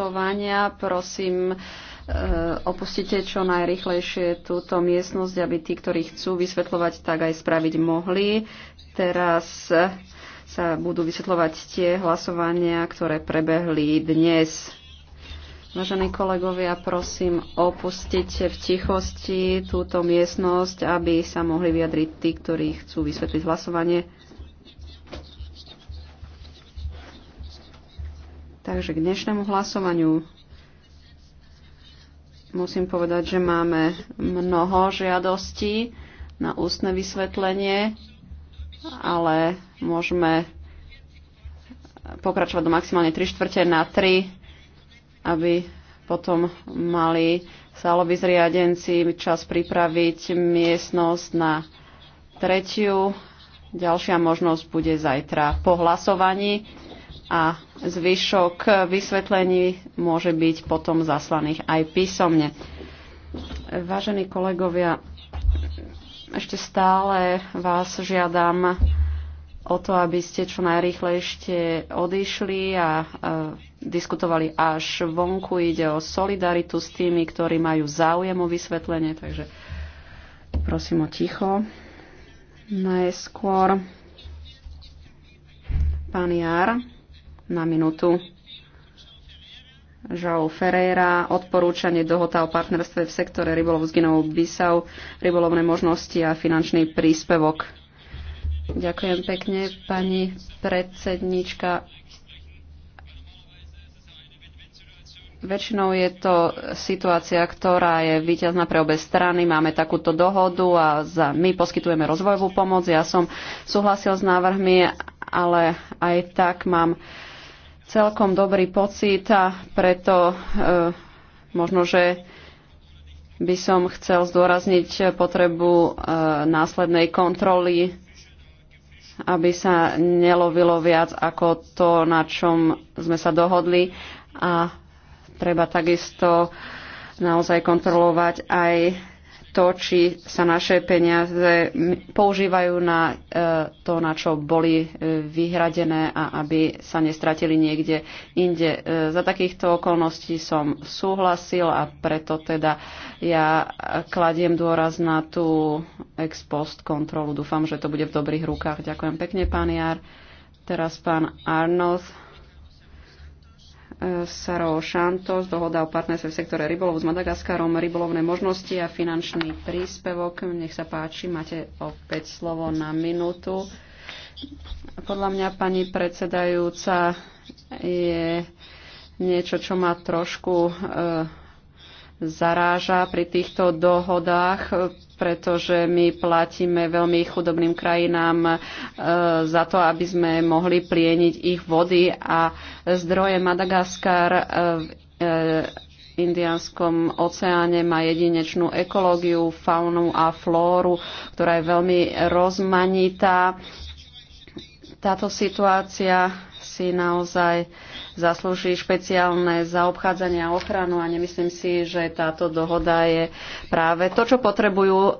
hlasovania. Prosím, e, opustite čo najrychlejšie túto miestnosť, aby tí, ktorí chcú vysvetľovať, tak aj spraviť mohli. Teraz sa budú vysvetľovať tie hlasovania, ktoré prebehli dnes. Vážení kolegovia, prosím, opustite v tichosti túto miestnosť, aby sa mohli vyjadriť tí, ktorí chcú vysvetliť hlasovanie. Takže k dnešnému hlasovaniu musím povedať, že máme mnoho žiadostí na ústne vysvetlenie, ale môžeme pokračovať do maximálne 3 štvrte na 3, aby potom mali sálovi zriadenci čas pripraviť miestnosť na tretiu. Ďalšia možnosť bude zajtra po hlasovaní a zvyšok vysvetlení môže byť potom zaslaných aj písomne. Vážení kolegovia, ešte stále vás žiadam o to, aby ste čo najrýchlejšie odišli a diskutovali až vonku. Ide o solidaritu s tými, ktorí majú záujem o vysvetlenie, takže prosím o ticho. Najskôr pán Jar na minútu. João Ferreira, odporúčanie dohota o partnerstve v sektore rybolov s Ginovou Bisau, rybolovné možnosti a finančný príspevok. Ďakujem pekne, pani predsednička. Väčšinou je to situácia, ktorá je výťazná pre obe strany. Máme takúto dohodu a za, my poskytujeme rozvojovú pomoc. Ja som súhlasil s návrhmi, ale aj tak mám uh, celkom dobrý pocit a preto e, možno, že by som chcel zdôrazniť potrebu e, následnej kontroly, aby sa nelovilo viac ako to, na čom sme sa dohodli a treba takisto naozaj kontrolovať aj to, či sa naše peniaze používajú na e, to, na čo boli e, vyhradené a aby sa nestratili niekde inde. E, za takýchto okolností som súhlasil a preto teda ja kladiem dôraz na tú ex post kontrolu. Dúfam, že to bude v dobrých rukách. Ďakujem pekne, pán Jar. Teraz pán Arnold. Saro Šantos, dohoda o partnerstve v sektore rybolov s Madagaskarom, rybolovné možnosti a finančný príspevok. Nech sa páči, máte opäť slovo na minútu. Podľa mňa pani predsedajúca je niečo, čo má trošku eh, zaráža pri týchto dohodách, pretože my platíme veľmi chudobným krajinám e, za to, aby sme mohli plieniť ich vody a zdroje Madagaskar v e, e, Indianskom oceáne má jedinečnú ekológiu, faunu a flóru, ktorá je veľmi rozmanitá. Táto situácia si naozaj zaslúži špeciálne zaobchádzanie a ochranu a nemyslím si, že táto dohoda je práve to, čo potrebujú e,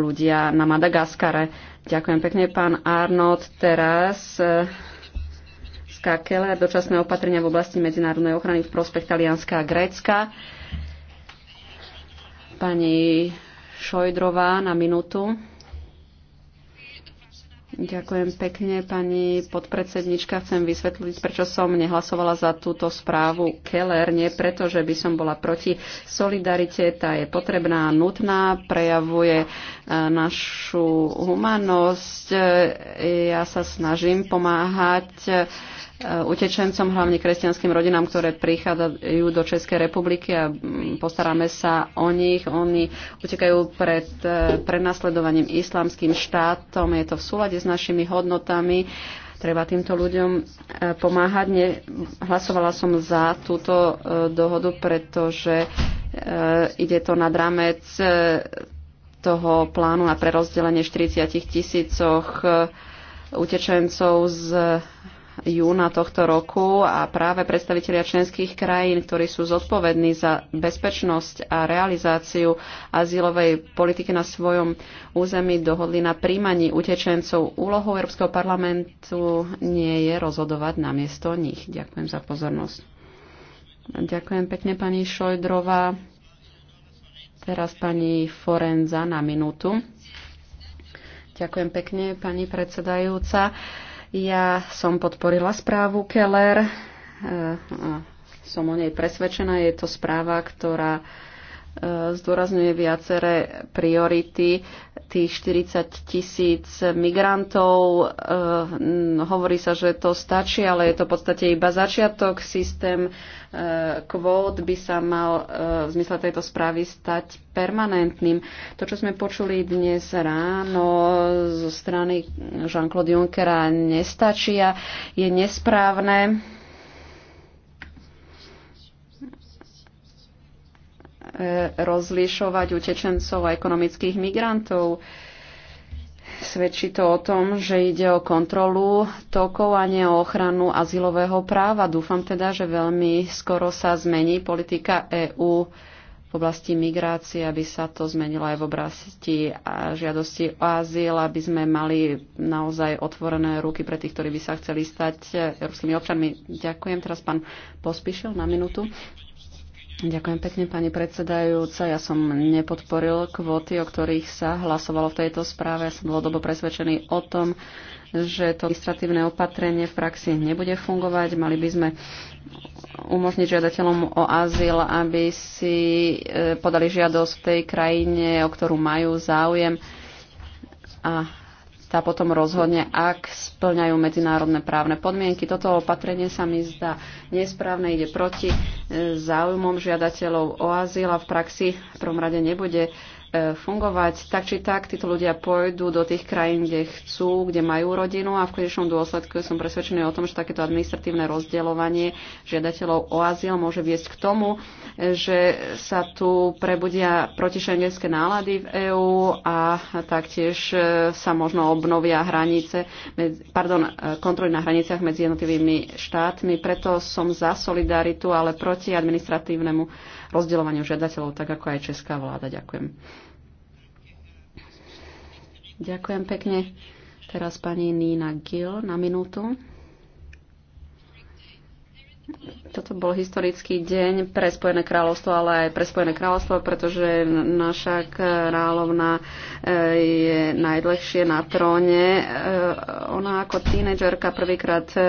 ľudia na Madagaskare. Ďakujem pekne, pán Arnold. Teraz e, Ska Keller, dočasné opatrenia v oblasti medzinárodnej ochrany v prospech Talianska a Grécka. Pani Šojdrová na minútu. Ďakujem pekne, pani podpredsednička. Chcem vysvetliť, prečo som nehlasovala za túto správu Keller. Nie preto, že by som bola proti solidarite. Tá je potrebná a nutná, prejavuje e, našu humanosť. E, ja sa snažím pomáhať e, E, utečencom, hlavne kresťanským rodinám, ktoré prichádzajú do Českej republiky a postaráme sa o nich. Oni utekajú pred e, prenasledovaním islamským štátom. Je to v súlade s našimi hodnotami. Treba týmto ľuďom e, pomáhať. Ne, hlasovala som za túto dohodu, pretože ide to nad rámec toho plánu na prerozdelenie 40 tisícoch utečencov z júna tohto roku a práve predstavitelia členských krajín, ktorí sú zodpovední za bezpečnosť a realizáciu azylovej politiky na svojom území, dohodli na príjmaní utečencov. Úlohou Európskeho parlamentu nie je rozhodovať namiesto nich. Ďakujem za pozornosť. Ďakujem pekne pani Šojdrová. Teraz pani Forenza na minútu. Ďakujem pekne, pani predsedajúca. Ja som podporila správu Keller. Eh, som o nej presvedčená. Je to správa, ktorá E, zdôrazňuje viaceré priority. Tých 40 tisíc migrantov, e, hovorí sa, že to stačí, ale je to v podstate iba začiatok. Systém e, kvót by sa mal v zmysle tejto správy stať permanentným. To, čo sme počuli dnes ráno zo strany Jean-Claude Junckera, nestačí a je nesprávne E, rozlišovať utečencov a ekonomických migrantov. Svedčí to o tom, že ide o kontrolu tokov a nie o ochranu azylového práva. Dúfam teda, že veľmi skoro sa zmení politika EÚ v oblasti migrácie, aby sa to zmenilo aj v oblasti žiadosti o azyl, aby sme mali naozaj otvorené ruky pre tých, ktorí by sa chceli stať e, európskymi občanmi. Ďakujem. Teraz pán Pospíšil na minútu. Ďakujem pekne, pani predsedajúca. Ja som nepodporil kvóty, o ktorých sa hlasovalo v tejto správe. Ja som dlhodobo presvedčený o tom, že to administratívne opatrenie v praxi nebude fungovať. Mali by sme umožniť žiadateľom o azyl, aby si e, podali žiadosť v tej krajine, o ktorú majú záujem a tá potom rozhodne, ak splňajú medzinárodné právne podmienky. Toto opatrenie sa mi zdá nesprávne, ide proti e, záujmom žiadateľov o azyl a v praxi v prvom rade nebude E, fungovať. Tak či tak, títo ľudia pôjdu do tých krajín, kde chcú, kde majú rodinu a v konečnom dôsledku som presvedčený o tom, že takéto administratívne rozdielovanie žiadateľov o azyl môže viesť k tomu, že sa tu prebudia protišengenské nálady v EÚ a taktiež e, sa možno obnovia hranice, pardon, e, kontroly na hraniciach medzi jednotlivými štátmi. Preto som za solidaritu, ale proti administratívnemu rozdeľovaniu žiadateľov, tak ako aj česká vláda. Ďakujem. Ďakujem pekne. Teraz pani Nina Gill na minútu. Toto bol historický deň pre Spojené kráľovstvo, ale aj pre Spojené kráľovstvo, pretože naša kráľovna eh, je najdlhšie na tróne. Eh, ona ako tínedžerka prvýkrát eh,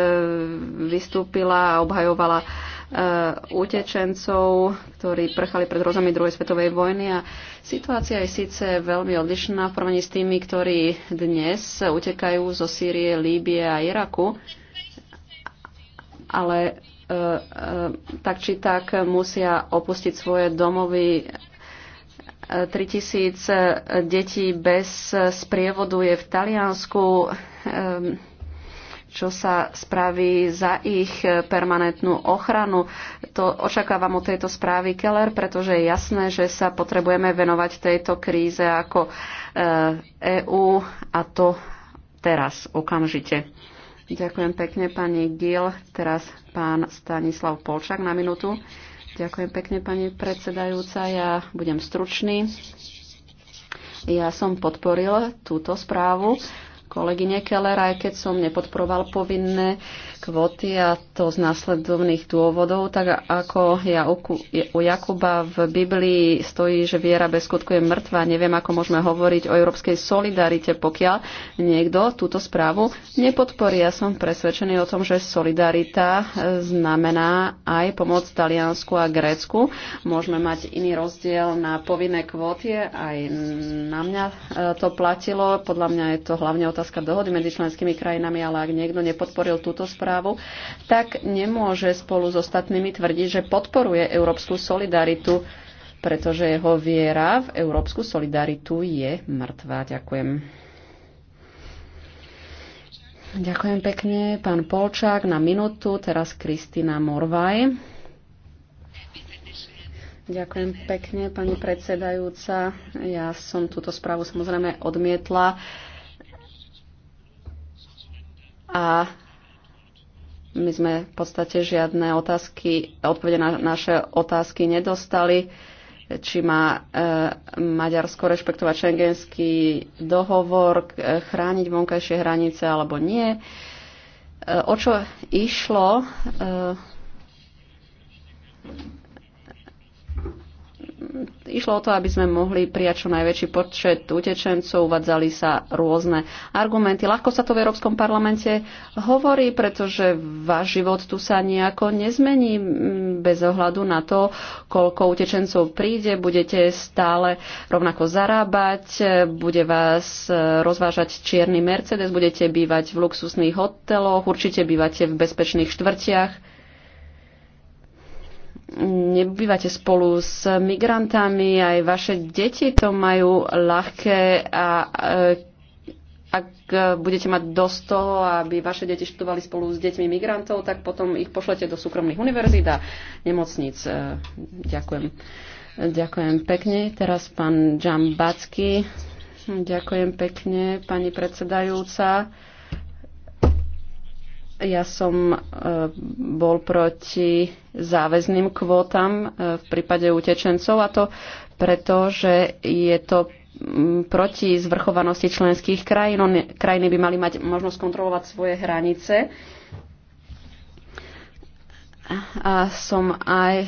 vystúpila a obhajovala Eh, utečencov, ktorí prchali pred rozami druhej svetovej vojny a situácia je síce veľmi odlišná v porovnaní s tými, ktorí dnes utekajú zo Sýrie, Líbie a Iraku, ale eh, eh, tak či tak musia opustiť svoje domovy 3000 detí bez sprievodu je v Taliansku. Ehm, čo sa spraví za ich permanentnú ochranu. To očakávam od tejto správy Keller, pretože je jasné, že sa potrebujeme venovať tejto kríze ako EÚ eh, e a to teraz, okamžite. Ďakujem pekne pani Gil, teraz pán Stanislav Polčak na minútu. Ďakujem pekne pani predsedajúca, ja budem stručný. Ja som podporil túto správu kolegyne Keller, aj keď som nepodporoval povinné kvóty a to z následovných dôvodov, tak ako ja u Jakuba v Biblii stojí, že viera bez skutku je mŕtva. Neviem, ako môžeme hovoriť o európskej solidarite, pokiaľ niekto túto správu nepodporí. Ja som presvedčený o tom, že solidarita znamená aj pomoc Taliansku a Grécku. Môžeme mať iný rozdiel na povinné kvóty, aj na mňa e, to platilo. Podľa mňa je to hlavne otázka otázka dohody medzi členskými krajinami, ale ak niekto nepodporil túto správu, tak nemôže spolu s ostatnými tvrdiť, že podporuje európsku solidaritu, pretože jeho viera v európsku solidaritu je mŕtva. Ďakujem. Ďakujem pekne. Pán Polčák na minútu, teraz Kristina Morvaj. Ďakujem pekne, pani predsedajúca. Ja som túto správu samozrejme odmietla a my sme v podstate žiadne otázky, odpovede na naše otázky nedostali, či má e, Maďarsko rešpektovať šengenský dohovor, e, chrániť vonkajšie hranice alebo nie. E, o čo išlo? Išlo o to, aby sme mohli prijať čo najväčší počet utečencov, uvádzali sa rôzne argumenty. Ľahko sa to v Európskom parlamente hovorí, pretože váš život tu sa nejako nezmení bez ohľadu na to, koľko utečencov príde, budete stále rovnako zarábať, bude vás rozvážať čierny Mercedes, budete bývať v luxusných hoteloch, určite bývate v bezpečných štvrtiach nebývate spolu s migrantami, aj vaše deti to majú ľahké a ak budete mať dosť toho, aby vaše deti študovali spolu s deťmi migrantov, tak potom ich pošlete do súkromných univerzít a nemocnic. E, ďakujem. Ďakujem pekne. Teraz pán Džambacký. Ďakujem pekne, pani predsedajúca. Ja som e, bol proti záväzným kvótam e, v prípade utečencov a to preto, že je to proti zvrchovanosti členských krajín. Krajiny by mali mať možnosť kontrolovať svoje hranice. A som aj e,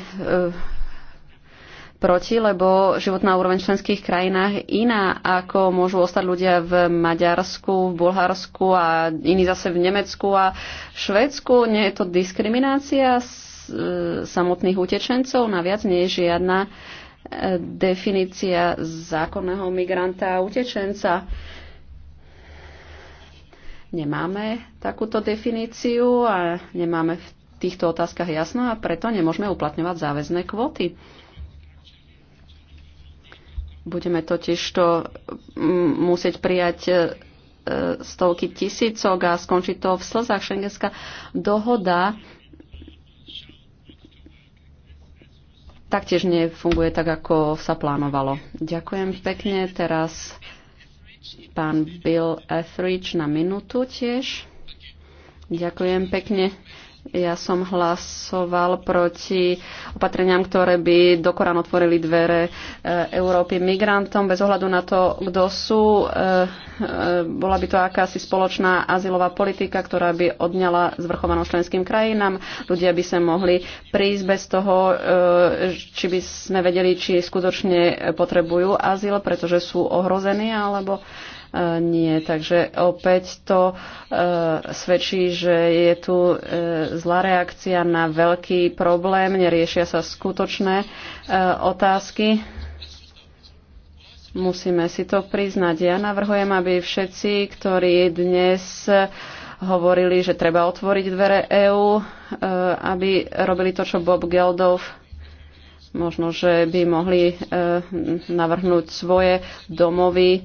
proti, lebo životná úroveň v členských krajinách iná, ako môžu ostať ľudia v Maďarsku, v Bulharsku a iní zase v Nemecku a Švedsku. Nie je to diskriminácia e, samotných utečencov, naviac nie je žiadna e, definícia zákonného migranta a utečenca. Nemáme takúto definíciu a nemáme v týchto otázkach jasno a preto nemôžeme uplatňovať záväzné kvóty. Budeme totiž to mm, musieť prijať e, stovky tisícok a skončí to v slzách. Šengenská dohoda taktiež nefunguje tak, ako sa plánovalo. Ďakujem pekne. Teraz pán Bill Etheridge na minútu tiež. Ďakujem pekne. Ja som hlasoval proti opatreniam, ktoré by dokorán otvorili dvere e, Európy migrantom, bez ohľadu na to, kto sú. E, e, bola by to akási spoločná azylová politika, ktorá by odňala zvrchovanou členským krajinám. Ľudia by sa mohli prísť bez toho, či by sme vedeli, či skutočne potrebujú azyl, pretože sú ohrození, alebo nie. Takže opäť to e, svedčí, že je tu e, zlá reakcia na veľký problém, neriešia sa skutočné e, otázky. Musíme si to priznať. Ja navrhujem, aby všetci, ktorí dnes hovorili, že treba otvoriť dvere EÚ, e, aby robili to, čo Bob Geldov možno, že by mohli e, navrhnúť svoje domovy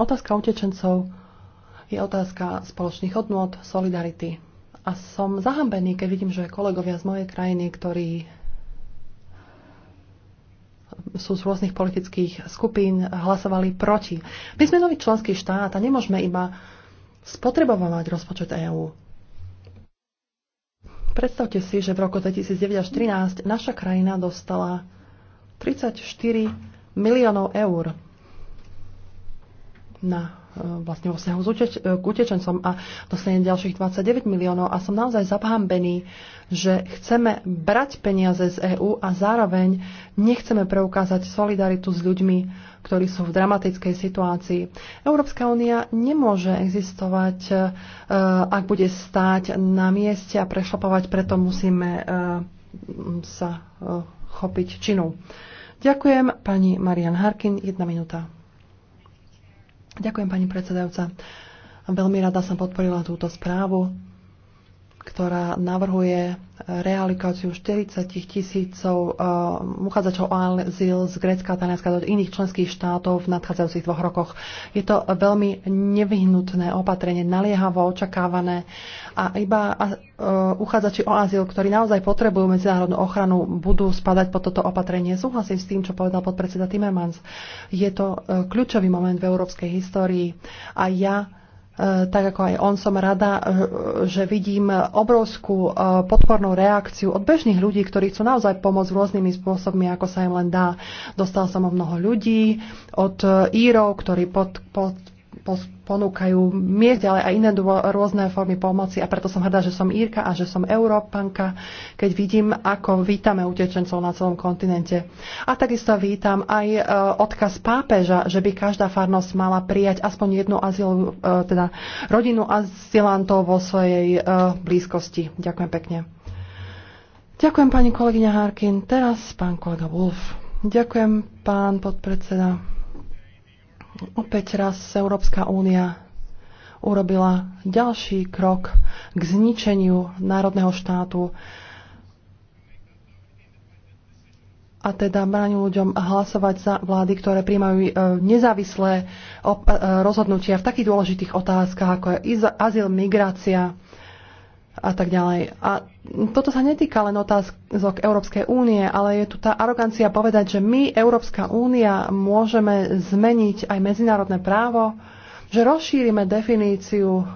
Otázka utečencov je otázka spoločných hodnôt, solidarity. A som zahambený, keď vidím, že kolegovia z mojej krajiny, ktorí sú z rôznych politických skupín, hlasovali proti. My sme nový členský štát a nemôžeme iba spotrebovať rozpočet EÚ. Predstavte si, že v roku 2013 naša krajina dostala 34 miliónov eur na e, vlastne vo vzťahu k utečencom a dostane ďalších 29 miliónov a som naozaj zapahambený, že chceme brať peniaze z EÚ a zároveň nechceme preukázať solidaritu s ľuďmi, ktorí sú v dramatickej situácii. Európska únia nemôže existovať, e, ak bude stáť na mieste a prešlapovať, preto musíme e, sa chopiť činu. Ďakujem pani Marian Harkin, jedna minúta. Ďakujem, pani predsedajúca. Veľmi rada som podporila túto správu ktorá navrhuje realikáciu 40 tisícov uh, uchádzačov o azyl z Grécka a Talianska do iných členských štátov v nadchádzajúcich dvoch rokoch. Je to veľmi nevyhnutné opatrenie, naliehavo očakávané a iba uh, uchádzači o azyl, ktorí naozaj potrebujú medzinárodnú ochranu, budú spadať pod toto opatrenie. Súhlasím s tým, čo povedal podpredseda Timmermans. Je to uh, kľúčový moment v európskej histórii a ja Eh, tak ako aj on, som rada, eh, že vidím obrovskú eh, podpornú reakciu od bežných ľudí, ktorí chcú naozaj pomôcť rôznymi spôsobmi, ako sa im len dá. Dostal som o mnoho ľudí, od Írov, ktorí pod, pod, ponúkajú miest, ale aj iné rôzne formy pomoci a preto som hrdá, že som Írka a že som Európanka, keď vidím, ako vítame utečencov na celom kontinente. A takisto vítam aj e, odkaz pápeža, že by každá farnosť mala prijať aspoň jednu azyl, e, teda rodinu azylantov vo svojej e, blízkosti. Ďakujem pekne. Ďakujem pani kolegyňa Harkin. Teraz pán kolega Wolf. Ďakujem pán podpredseda. Opäť raz Európska únia urobila ďalší krok k zničeniu národného štátu a teda bráni ľuďom hlasovať za vlády, ktoré príjmajú e, nezávislé e, rozhodnutia v takých dôležitých otázkach, ako je azyl, migrácia, a tak ďalej. A toto sa netýka len otázok Európskej únie, ale je tu tá arogancia povedať, že my, Európska únia, môžeme zmeniť aj medzinárodné právo, že rozšírime definíciu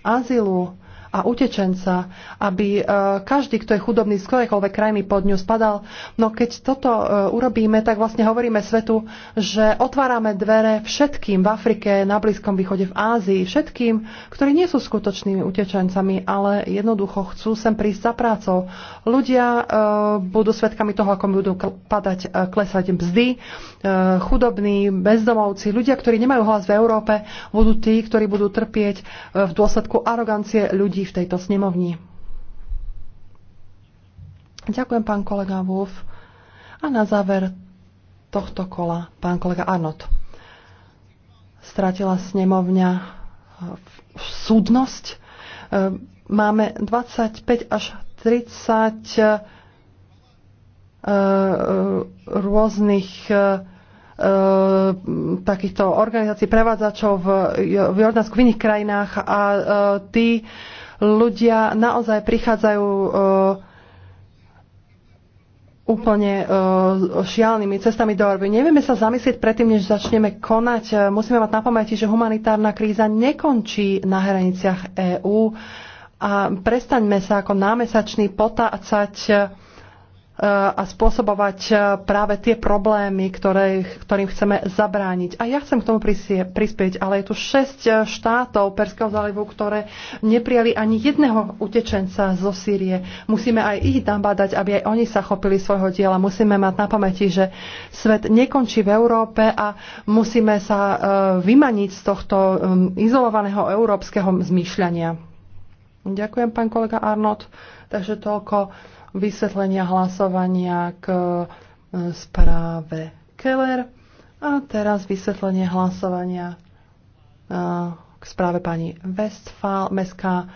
azylu a utečenca, aby e, každý, kto je chudobný z ktorejkoľvek krajiny pod ňu spadal. No keď toto e, urobíme, tak vlastne hovoríme svetu, že otvárame dvere všetkým v Afrike, na Blízkom východe, v Ázii, všetkým, ktorí nie sú skutočnými utečencami, ale jednoducho chcú sem prísť za prácou. Ľudia e, budú svetkami toho, ako budú padať, klesať mzdy, chudobní, bezdomovci, ľudia, ktorí nemajú hlas v Európe, budú tí, ktorí budú trpieť v dôsledku arogancie ľudí ľudí v tejto snemovni. Ďakujem, pán kolega Wolf. A na záver tohto kola pán kolega Arnott. Stratila snemovňa e, súdnosť. E, máme 25 až 30 e, rôznych takýchto organizácií prevádzačov v Jordánsku, v iných krajinách a tí Ľudia naozaj prichádzajú e, úplne e, šialnými cestami do Európy. Nevieme sa zamyslieť predtým, než začneme konať. E, musíme mať na pamäti, že humanitárna kríza nekončí na hraniciach EÚ a prestaňme sa ako námesačný potácať Eh, a spôsobovať eh, práve tie problémy, ktoré, ktorým chceme zabrániť. A ja chcem k tomu prispieť, ale je tu šesť eh, štátov Perského zálivu, ktoré neprijali ani jedného utečenca zo Sýrie. Musíme aj ich tam badať, aby aj oni sa chopili svojho diela. Musíme mať na pamäti, že svet nekončí v Európe a musíme sa vymaniť z tohto izolovaného európskeho zmýšľania. Ďakujem, pán kolega Arnold. Takže toľko vysvetlenia hlasovania k e, správe Keller a teraz vysvetlenie hlasovania e, k správe pani Westfall mestská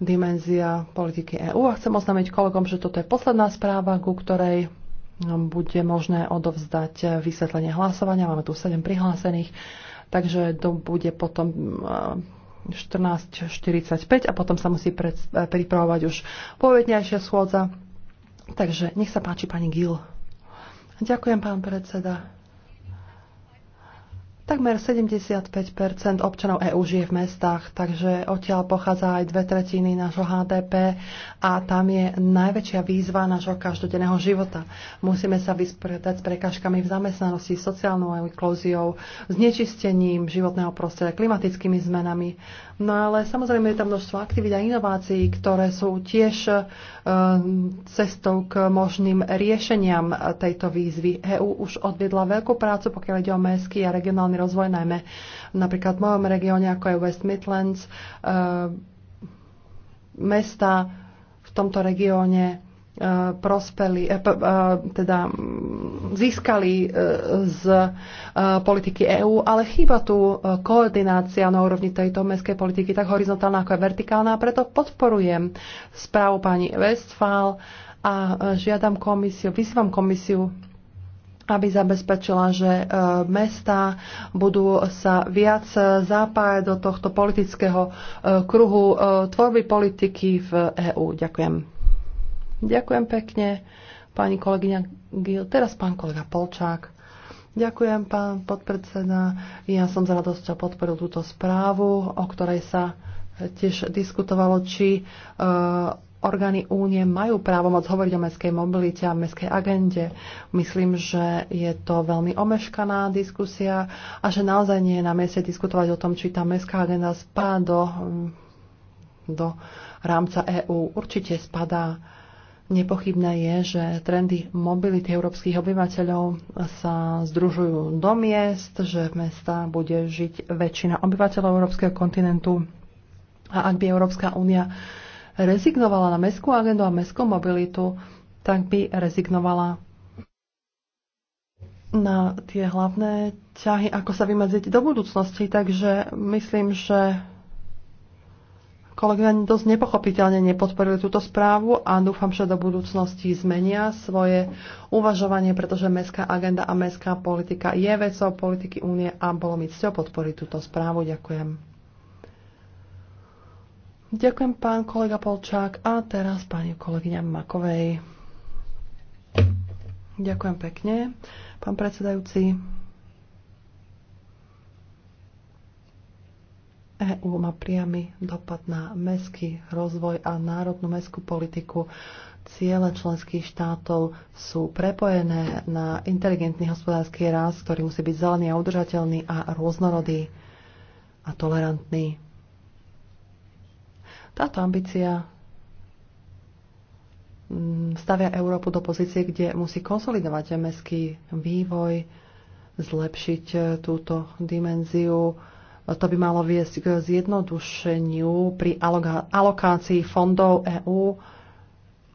dimenzia politiky EÚ. A chcem oznámiť kolegom, že toto je posledná správa, ku ktorej bude možné odovzdať vysvetlenie hlasovania. Máme tu 7 prihlásených, takže to bude potom 14.45 e, a potom sa musí pripravovať už povednejšia schôdza Takže nech sa páči pani Gil. Ďakujem, pán predseda. Takmer 75 občanov EÚ žije v mestách, takže odtiaľ pochádza aj dve tretiny nášho HDP a tam je najväčšia výzva nášho každodenného života. Musíme sa vysporiadať s prekažkami v zamestnanosti, sociálnou inklúziou, znečistením životného prostredia, klimatickými zmenami. No ale samozrejme je tam množstvo aktivít a inovácií, ktoré sú tiež e, cestou k možným riešeniam tejto výzvy. EÚ už odvedla veľkú prácu, pokiaľ ide o mestský a regionálny rozvoj, najmä napríklad v mojom regióne, ako je West Midlands. Eh, mesta v tomto regióne eh, prospeli, eh, teda mm, získali z politiky EÚ, ale chýba tu koordinácia na úrovni tejto mestskej politiky, tak horizontálna ako je vertikálna, a preto podporujem správu pani Westphal a žiadam komisiu, vyzývam komisiu, aby zabezpečila, že e, mesta budú sa viac e, zapájať do tohto politického e, kruhu tvorby politiky v EÚ. Ďakujem. Ďakujem pekne, pani kolegyňa Gil. Teraz pán kolega Polčák. Ďakujem, pán podpredseda. Ja som s radosťou podporil túto správu, o ktorej sa tiež diskutovalo, či orgány únie majú právo moc hovoriť o mestskej mobilite a mestskej agende. Myslím, že je to veľmi omeškaná diskusia a že naozaj nie je na mieste diskutovať o tom, či tá mestská agenda spadá do, do rámca EÚ. Určite spadá. Nepochybné je, že trendy mobility európskych obyvateľov sa združujú do miest, že v mesta bude žiť väčšina obyvateľov európskeho kontinentu. A ak by Európska únia rezignovala na mestskú agendu a mestskú mobilitu, tak by rezignovala na tie hlavné ťahy, ako sa vymedziť do budúcnosti. Takže myslím, že kolegovia dosť nepochopiteľne nepodporili túto správu a dúfam, že do budúcnosti zmenia svoje uvažovanie, pretože mestská agenda a mestská politika je vecou politiky únie a bolo mi cťou podporiť túto správu. Ďakujem. Ďakujem pán kolega Polčák a teraz pani kolegyňa Makovej. Ďakujem pekne, pán predsedajúci. EÚ má priamy dopad na mestský rozvoj a národnú mestskú politiku. Ciele členských štátov sú prepojené na inteligentný hospodársky rast, ktorý musí byť zelený a udržateľný a rôznorodý a tolerantný táto ambícia mm, stavia Európu do pozície, kde musí konsolidovať mestský vývoj, zlepšiť e, túto dimenziu. To by malo viesť k zjednodušeniu pri alokácii fondov EÚ.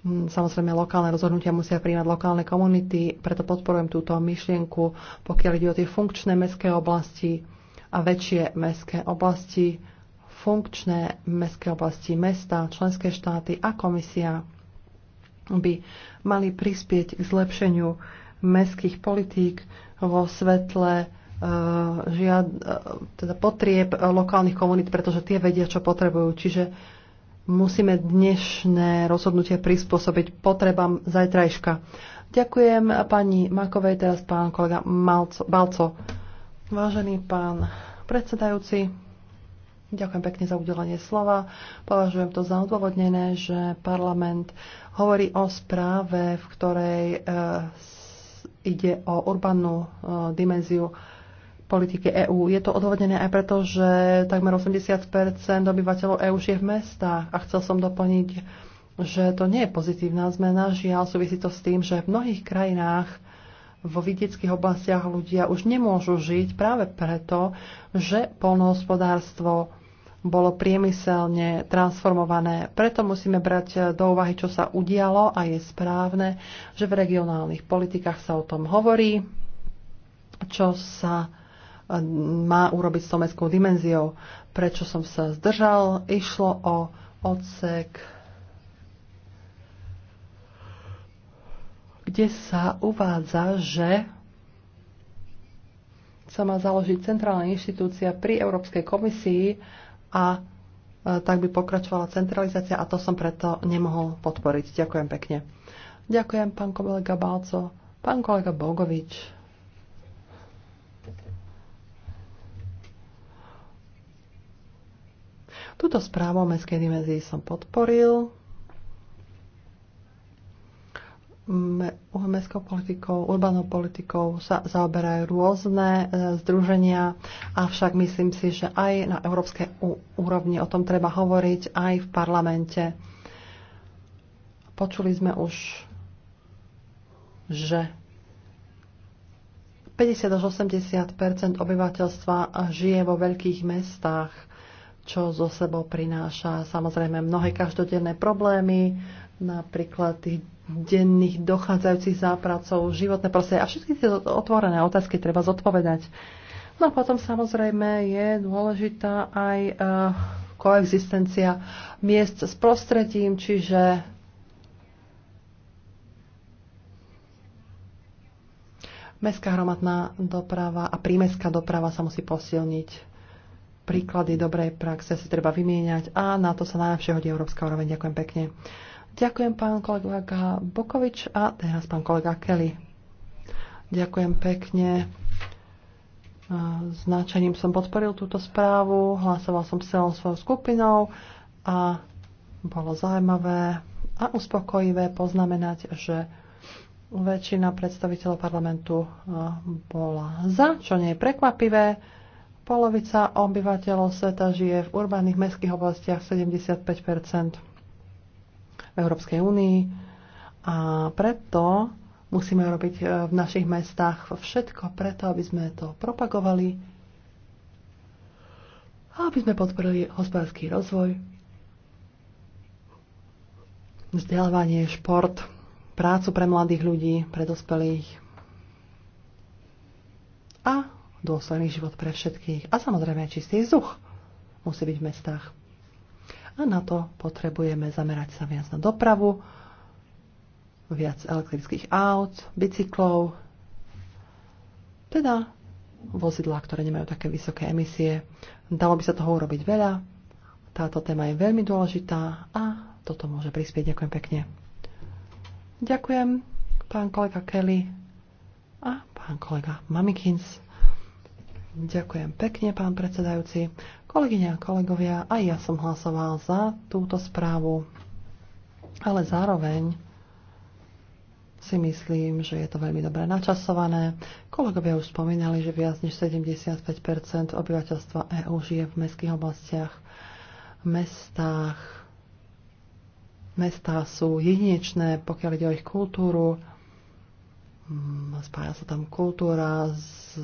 Mm, samozrejme, lokálne rozhodnutia musia príjmať lokálne komunity, preto podporujem túto myšlienku, pokiaľ ide o tie funkčné mestské oblasti a väčšie mestské oblasti funkčné mestské oblasti, mesta, členské štáty a komisia by mali prispieť k zlepšeniu mestských politík vo svetle e, žiad, e, teda potrieb lokálnych komunít, pretože tie vedia, čo potrebujú. Čiže musíme dnešné rozhodnutie prispôsobiť potrebám zajtrajška. Ďakujem pani Makovej, teraz pán kolega Malco, Balco. Vážený pán predsedajúci, Ďakujem pekne za udelenie slova. Považujem to za odôvodnené, že parlament hovorí o správe, v ktorej e, ide o urbannú e, dimenziu politiky EÚ. Je to odôvodnené aj preto, že takmer 80 obyvateľov EÚ je v mestách a chcel som doplniť, že to nie je pozitívna zmena. Žiaľ, súvisí to s tým, že v mnohých krajinách vo vidieckých oblastiach ľudia už nemôžu žiť práve preto, že polnohospodárstvo bolo priemyselne transformované. Preto musíme brať eh, do úvahy, čo sa udialo a je správne, že v regionálnych politikách sa o tom hovorí, čo sa eh, má urobiť s tou mestskou dimenziou. Prečo som sa zdržal? Išlo o odsek, kde sa uvádza, že sa má založiť centrálna inštitúcia pri Európskej komisii, a e, tak by pokračovala centralizácia a to som preto nemohol podporiť. Ďakujem pekne. Ďakujem, pán kolega Balco. Pán kolega Bogovič. Tuto správu o mestskej dimenzii som podporil mestskou politikou, urbanou politikou sa zaoberajú rôzne e, združenia, avšak myslím si, že aj na európskej úrovni o tom treba hovoriť, aj v parlamente. Počuli sme už, že 50 až 80 obyvateľstva žije vo veľkých mestách, čo zo sebou prináša samozrejme mnohé každodenné problémy, napríklad tých denných dochádzajúcich zápracov, životné prostredie a všetky tie otvorené otázky treba zodpovedať. No a potom samozrejme je dôležitá aj uh, koexistencia miest s prostredím, čiže mestská hromadná doprava a prímestská doprava sa musí posilniť. Príklady dobrej praxe si treba vymieňať a na to sa najlepšie hodí Európska úroveň. Ďakujem pekne. Ďakujem pán kolega Bokovič a teraz pán kolega Kelly. Ďakujem pekne. Značením som podporil túto správu, hlasoval som celou svojou skupinou a bolo zaujímavé a uspokojivé poznamenať, že väčšina predstaviteľov parlamentu bola za, čo nie je prekvapivé. Polovica obyvateľov sveta žije v urbaných mestských oblastiach 75 v Európskej únii a preto musíme robiť e, v našich mestách všetko preto, aby sme to propagovali a aby sme podporili hospodársky rozvoj, vzdelávanie, šport, prácu pre mladých ľudí, pre dospelých a dôsledný život pre všetkých. A samozrejme čistý vzduch musí byť v mestách a na to potrebujeme zamerať sa viac na dopravu, viac elektrických aut, bicyklov, teda vozidlá, ktoré nemajú také vysoké emisie. Dalo by sa toho urobiť veľa. Táto téma je veľmi dôležitá a toto môže prispieť. Ďakujem pekne. Ďakujem, pán kolega Kelly a pán kolega Mamikins. Ďakujem pekne, pán predsedajúci. Kolegyne a kolegovia, aj ja som hlasoval za túto správu, ale zároveň si myslím, že je to veľmi dobre načasované. Kolegovia už spomínali, že viac než 75 obyvateľstva EÚ žije v mestských oblastiach. mestách mestá sú jedinečné, pokiaľ ide o ich kultúru, Mm, spája sa tam kultúra s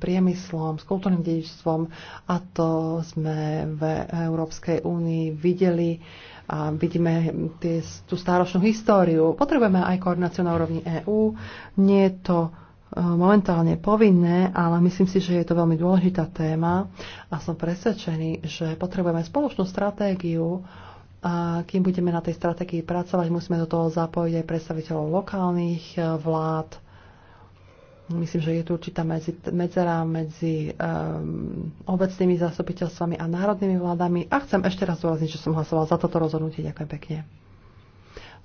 priemyslom, s kultúrnym dedičstvom a to sme v Európskej únii videli a vidíme tie, tú stáročnú históriu. Potrebujeme aj koordináciu na úrovni EÚ. Nie je to e, momentálne povinné, ale myslím si, že je to veľmi dôležitá téma a som presvedčený, že potrebujeme spoločnú stratégiu a kým budeme na tej stratégii pracovať, musíme do toho zapojiť aj predstaviteľov lokálnych eh, vlád. Myslím, že je tu určitá medzi, medzera medzi um, obecnými zastupiteľstvami a národnými vládami. A chcem ešte raz dôrazniť, že som hlasoval za toto rozhodnutie. Ďakujem pekne.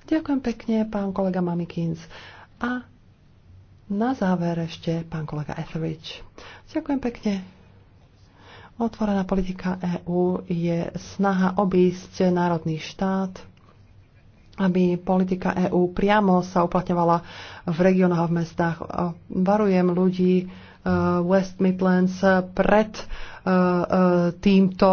Ďakujem pekne, pán kolega Mamikins. A na záver ešte pán kolega Etheridge. Ďakujem pekne. Otvorená politika EÚ je snaha obísť národný štát, aby politika EÚ priamo sa uplatňovala v regiónoch a v mestách. Varujem ľudí eh, West Midlands pred eh, eh, týmto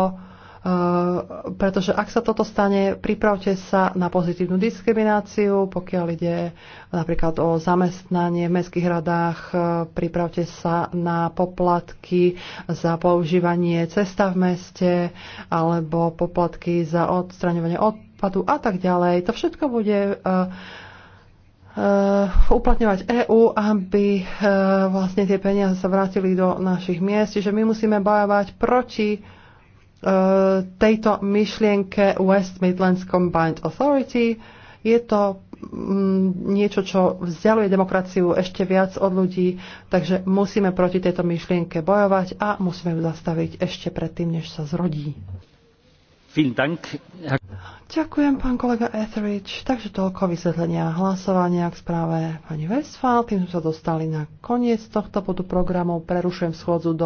Eh, pretože ak sa toto stane, pripravte sa na pozitívnu diskrimináciu, pokiaľ ide napríklad o zamestnanie v mestských radách, eh, pripravte sa na poplatky za používanie cesta v meste alebo poplatky za odstraňovanie odpadu a tak ďalej. To všetko bude eh, uplatňovať EÚ, aby vlastne tie peniaze sa vrátili do našich miest. Čiže my musíme bojovať proti Eh, tejto myšlienke West Midlands Combined Authority. Je to mm, niečo, čo vzdialuje demokraciu ešte viac od ľudí, takže musíme proti tejto myšlienke bojovať a musíme ju zastaviť ešte predtým, než sa zrodí. Ďakujem, pán kolega Etheridge. Takže toľko vysvetlenia a hlasovania k správe pani Westphal. Tým sme sa dostali na koniec tohto podu programu. Prerušujem schôdzu do